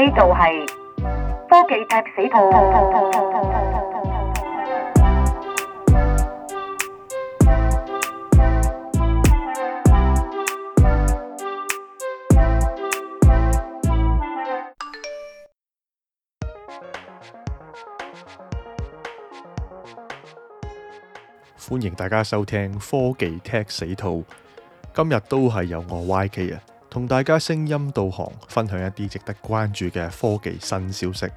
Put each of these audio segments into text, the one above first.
呢度係科技 CTO，歡迎大家收聽科技 CTO。今日都係有我 YK 啊！同大家聲音導航分享一啲值得關注嘅科技新消息。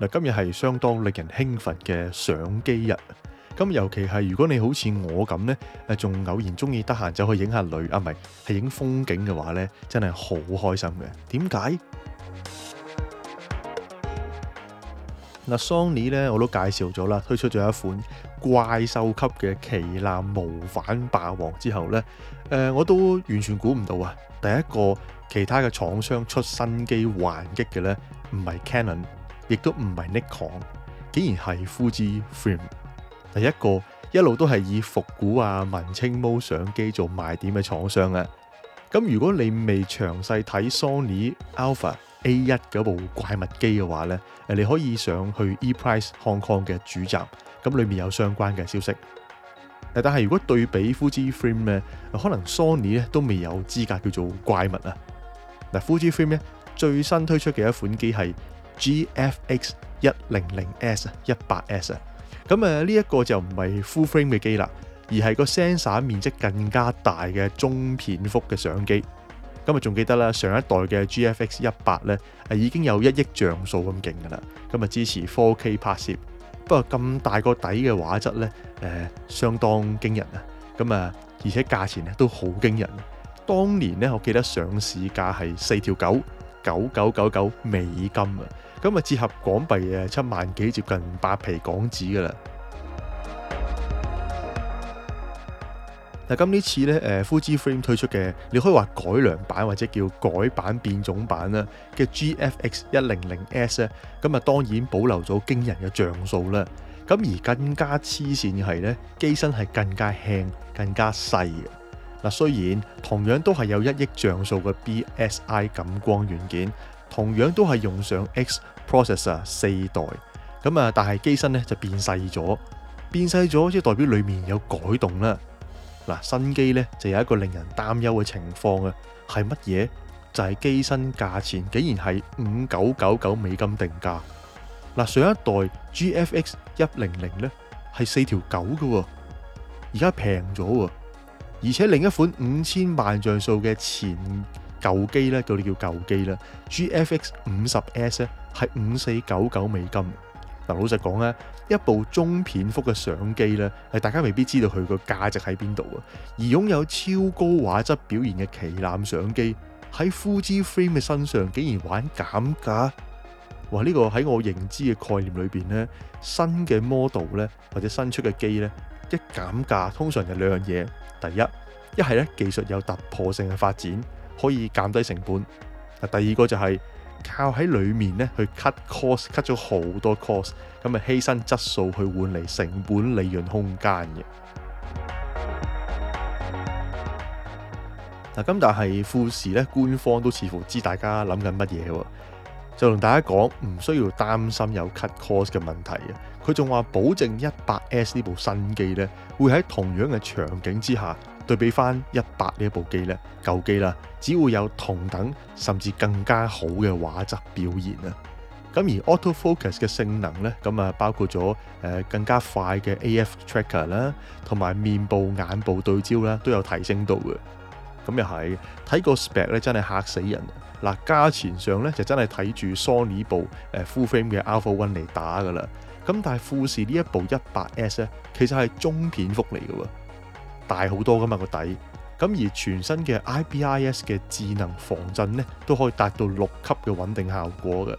嗱，今日係相當令人興奮嘅相機日。咁尤其係如果你好似我咁呢，仲偶然中意得閒走去影下女，啊，唔係，係影風景嘅話呢，真係好開心嘅。點解？嗱，Sony 呢，我都介紹咗啦，推出咗一款。怪獸級嘅旗艦無反霸王之後呢，呃、我都完全估唔到啊！第一個其他嘅廠商出新機還擊嘅呢，唔係 Canon，亦都唔係 Nikon，竟然係 Fujifilm。第一個一路都係以復古啊、文青模相機做賣點嘅廠商啊。咁如果你未詳細睇 Sony Alpha A1 嗰部怪物機嘅話呢，你可以上去 ePrice Hong Kong 嘅主站。咁裏面有相關嘅消息，但係如果對比 Fujifilm 咧，可能 Sony 咧都未有資格叫做怪物啊。嗱，Fujifilm 咧最新推出嘅一款機係 GFX 一零零 S 一零零 S 啊。咁呢一個就唔係 Full Frame 嘅機啦，而係個 sensor 面積更加大嘅中片幅嘅相機。咁啊，仲記得啦，上一代嘅 GFX 一零零咧已經有一億像素咁勁噶啦，咁啊支持 4K 拍攝。不過咁大個底嘅畫質呢，誒、呃、相當驚人啊！咁啊，而且價錢呢都好驚人啊。當年呢，我記得上市價係四條九九九九九美金啊，咁啊折合港幣誒七萬幾，接近八皮港紙㗎啦。嗱，咁呢次咧，誒富士 Film 推出嘅，你可以話改良版或者叫改版變種版啦嘅 GFX 一零零 S 咧，咁啊當然保留咗驚人嘅像素啦，咁而更加黐線係咧，機身係更加輕更加細嘅。嗱，雖然同樣都係有一億像素嘅 BSI 感光元件，同樣都係用上 X Processor 四代，咁啊，但係機身咧就變細咗，變細咗即代表裏面有改動啦。嗱，新機咧就有一個令人擔憂嘅情況啊，係乜嘢？就係機身價錢竟然係五九九九美金定價。嗱，上一代 GFX 一零零咧係四條九㗎喎，而家平咗喎，而且另一款五千萬像素嘅前舊機咧，叫你叫舊機啦，GFX 五十 S 咧係五四九九美金。嗱，老實講咧，一部中片幅嘅相機咧，係大家未必知道佢個價值喺邊度啊！而擁有超高畫質表現嘅旗艦相機喺 Full Frame 嘅身上，竟然玩減價，話呢、呢個喺我認知嘅概念裏邊咧，新嘅 model 咧或者新出嘅機咧，一減價通常就兩樣嘢，第一，一係咧技術有突破性嘅發展，可以減低成本；嗱，第二個就係、是。靠喺裏面咧去 cut cost，cut 咗好多 cost，咁啊犧牲質素去換嚟成本利潤空間嘅。嗱，咁但係富士咧官方都似乎知大家諗緊乜嘢，就同大家講唔需要擔心有 cut cost 嘅問題啊。佢仲話保證 100S 呢部新機咧會喺同樣嘅場景之下。對比翻一百呢一部機咧，舊機啦，只會有同等甚至更加好嘅畫質表現啊！咁而 auto focus 嘅性能咧，咁啊包括咗誒更加快嘅 AF tracker 啦，同埋面部眼部對焦啦，都有提升到嘅。咁又係睇個 spec 咧，真係嚇死人嗱！價錢上咧就真係睇住 Sony 部誒 full frame 嘅 Alpha One 嚟打㗎啦。咁但係富士呢一部一百 S 咧，其實係中片幅嚟㗎喎。大好多噶嘛個底，咁而全新嘅 IBIS 嘅智能防震呢，都可以達到六級嘅穩定效果嘅。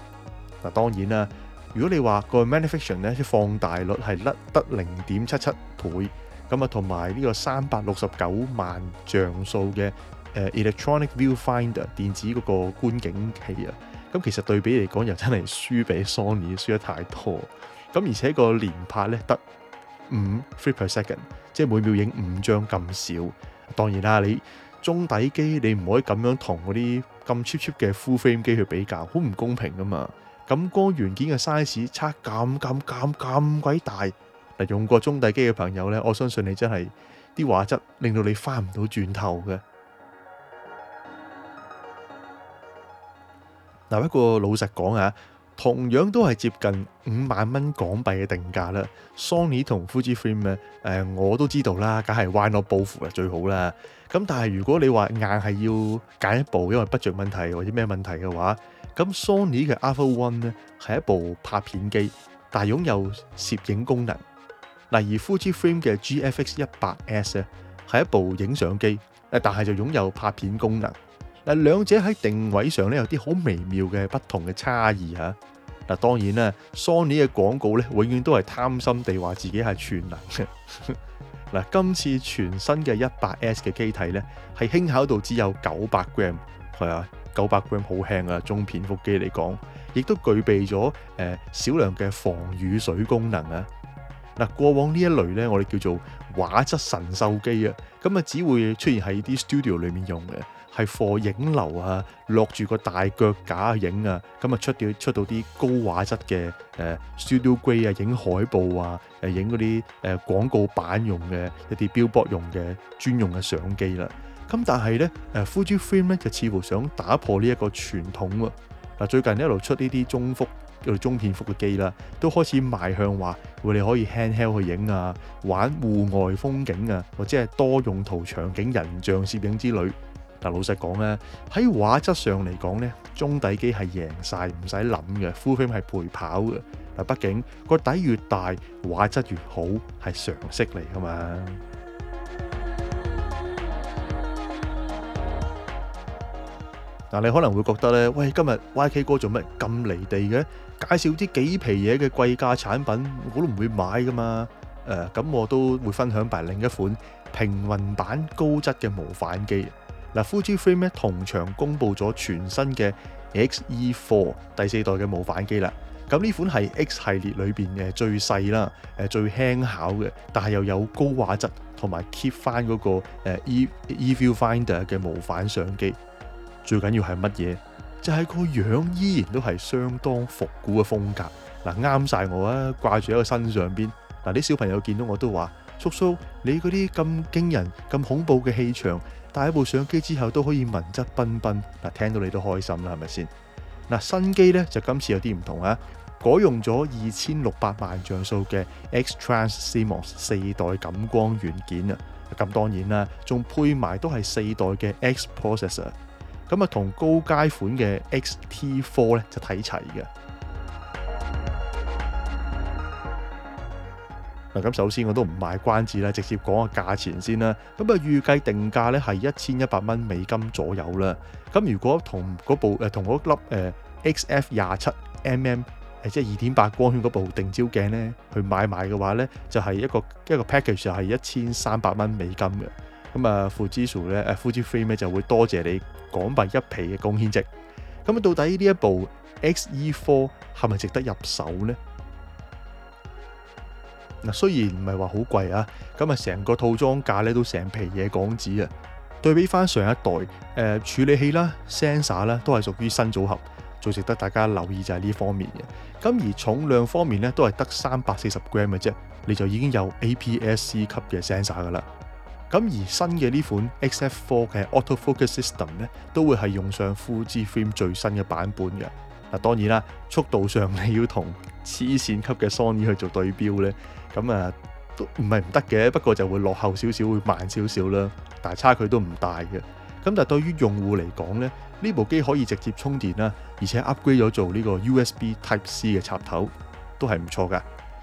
嗱，當然啦，如果你話個 magnification 呢，咧，放大率係甩得零點七七倍，咁啊同埋呢個三百六十九萬像素嘅 electronic viewfinder 電子嗰個觀景器啊，咁其實對比嚟講又真係輸畀 Sony 輸得太多，咁而且個連拍咧得五 three per second。即係每秒影五張咁少，當然啦，你中底機你唔可以咁樣同嗰啲咁 cheap cheap 嘅 full frame 機去比較，好唔公平噶嘛。咁個元件嘅 size 差咁咁咁咁鬼大，嗱用過中底機嘅朋友呢，我相信你真係啲畫質令到你翻唔到轉頭嘅。嗱一個老實講啊。.同樣都係接近五萬蚊港幣嘅定價啦。Sony 同 Fujifilm 咧、呃，誒我都知道啦，梗係 why not both 啊，最好啦。咁但係如果你話硬係要揀一部，因為 budget 問題或者咩問題嘅話，咁 Sony 嘅 Alpha One 咧係一部拍片機，但係擁有攝影功能。例如 Fujifilm 嘅 GFX 一百 S 咧係一部影相機，誒但係就擁有拍片功能。嗱，兩者喺定位上咧有啲好微妙嘅不同嘅差異嚇。嗱，當然啦，Sony 嘅廣告咧永遠都係貪心地話自己係全能嘅。嗱，今次全新嘅 100S 嘅機體咧係輕巧到只有 900gram，係啊，900gram 好輕啊。中片幅機嚟講，亦都具備咗誒少量嘅防雨水功能啊。嗱，過往呢一類咧，我哋叫做畫質神獸機啊，咁啊只會出現喺啲 studio 裏面用嘅。係放影樓啊，落住個大腳架去影啊，咁、嗯、啊出，出到出到啲高畫質嘅誒、呃、Studio Grade 啊，影海報啊，誒影嗰啲誒廣告版用嘅一啲 billboard 用嘅專用嘅相機啦。咁、嗯、但係咧誒、呃、Fujifilm 咧就似乎想打破呢一個傳統喎。嗱、嗯，最近一路出呢啲中幅叫做中片幅嘅機啦，都開始邁向話，我哋可以 handheld 去影啊，玩戶外風景啊，或者係多用途場景人像攝影之類。」嗱，老實講咧，喺畫質上嚟講咧，中底機係贏曬，唔使諗嘅。Full Frame 係陪跑嘅。但畢竟個底越大，畫質越好，係常識嚟噶嘛。嗱，你可能會覺得咧，喂，今日 YK 哥做乜咁離地嘅？介紹啲幾皮嘢嘅貴價產品，我都唔會買噶嘛。誒，咁我都會分享埋另一款平民版高質嘅模範機。嗱 Fujifilm 咧，同場公布咗全新嘅 X E Four 第四代嘅無反機啦。咁呢款係 X 系列裏邊嘅最細啦，誒最輕巧嘅，但係又有高畫質同埋 keep 翻嗰個誒 E E View Finder 嘅無反相機。最緊要係乜嘢？就係、是、個樣依然都係相當復古嘅風格。嗱，啱晒我啊！掛住喺個身上邊。嗱啲小朋友見到我都話：叔叔，你嗰啲咁驚人、咁恐怖嘅氣場，帶一部相機之後都可以文質彬彬。嗱，聽到你都開心啦，係咪先？嗱，新機咧就今次有啲唔同啊，改用咗二千六百萬像素嘅 X-Trans CMOS 四代感光元件啊。咁當然啦，仲配埋都係四代嘅 X-Processor XT4。咁啊，同高階款嘅 XT4 咧就睇齊嘅。嗱，咁首先我都唔賣關子啦，直接講個價錢先啦。咁啊，預計定價咧係一千一百蚊美金左右啦。咁如果同嗰部誒同嗰粒誒 XF 廿七 mm 誒即係二點八光圈嗰部定焦鏡咧去買埋嘅話咧，就係、是、一個一個 package 係一千三百蚊美金嘅。咁啊富士咧誒富士 film 咧就會多謝你港幣一皮嘅貢獻值。咁到底呢一部 X E Four 係咪值得入手咧？嗱，雖然唔係話好貴啊，咁啊成個套裝價咧都成皮嘢港紙啊。對比翻上，上一代，誒、呃、處理器啦、sensor 啦，都係屬於新組合，最值得大家留意就係呢方面嘅。咁而重量方面咧，都係得三百四十 gram 嘅啫，你就已經有 APS-C 級嘅 sensor 噶啦。咁而新嘅呢款 XF 四嘅 auto focus system 咧，都會係用上 full frame 最新嘅版本嘅。嗱，當然啦，速度上你要同，黐線級嘅 Sony 去做對標呢，咁啊都唔係唔得嘅，不過就會落後少少，會慢少少啦，但係差距都唔大嘅。咁但對對於用戶嚟講呢，呢部機可以直接充電啦，而且 upgrade 咗做呢個 USB Type C 嘅插頭，都係唔錯㗎。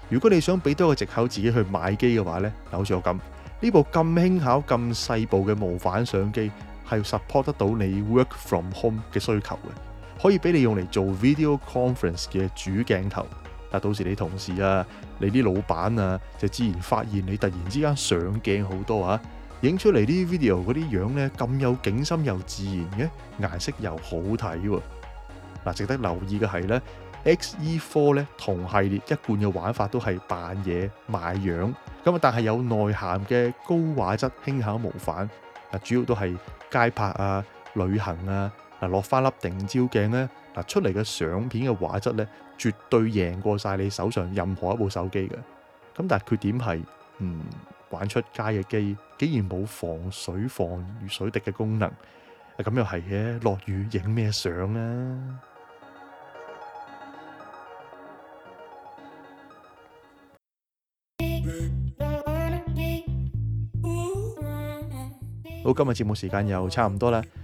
如果你想俾多個藉口自己去買機嘅話呢，好似我咁，呢部咁輕巧、咁細部嘅無反相機係 support 得到你 work from home 嘅需求嘅，可以俾你用嚟做 video conference 嘅主鏡頭。到時你同事啊，你啲老闆啊，就自然發現你突然之間上鏡好多啊，影出嚟啲 video 嗰啲樣呢，咁有景深又自然嘅，顏色又好睇喎。嗱，值得留意嘅係呢 X-E4 呢，同系列一貫嘅玩法都係扮嘢賣樣，咁啊，但係有內涵嘅高畫質輕巧無反，主要都係街拍啊、旅行啊，嗱、啊，攞翻粒定焦鏡呢。嗱，出嚟嘅相片嘅畫質咧，絕對贏過晒你手上任何一部手機嘅。咁但係缺點係，嗯，玩出街嘅機竟然冇防水防雨水滴嘅功能，啊，咁又係嘅，落雨影咩相啊？好，今日節目時間又差唔多啦。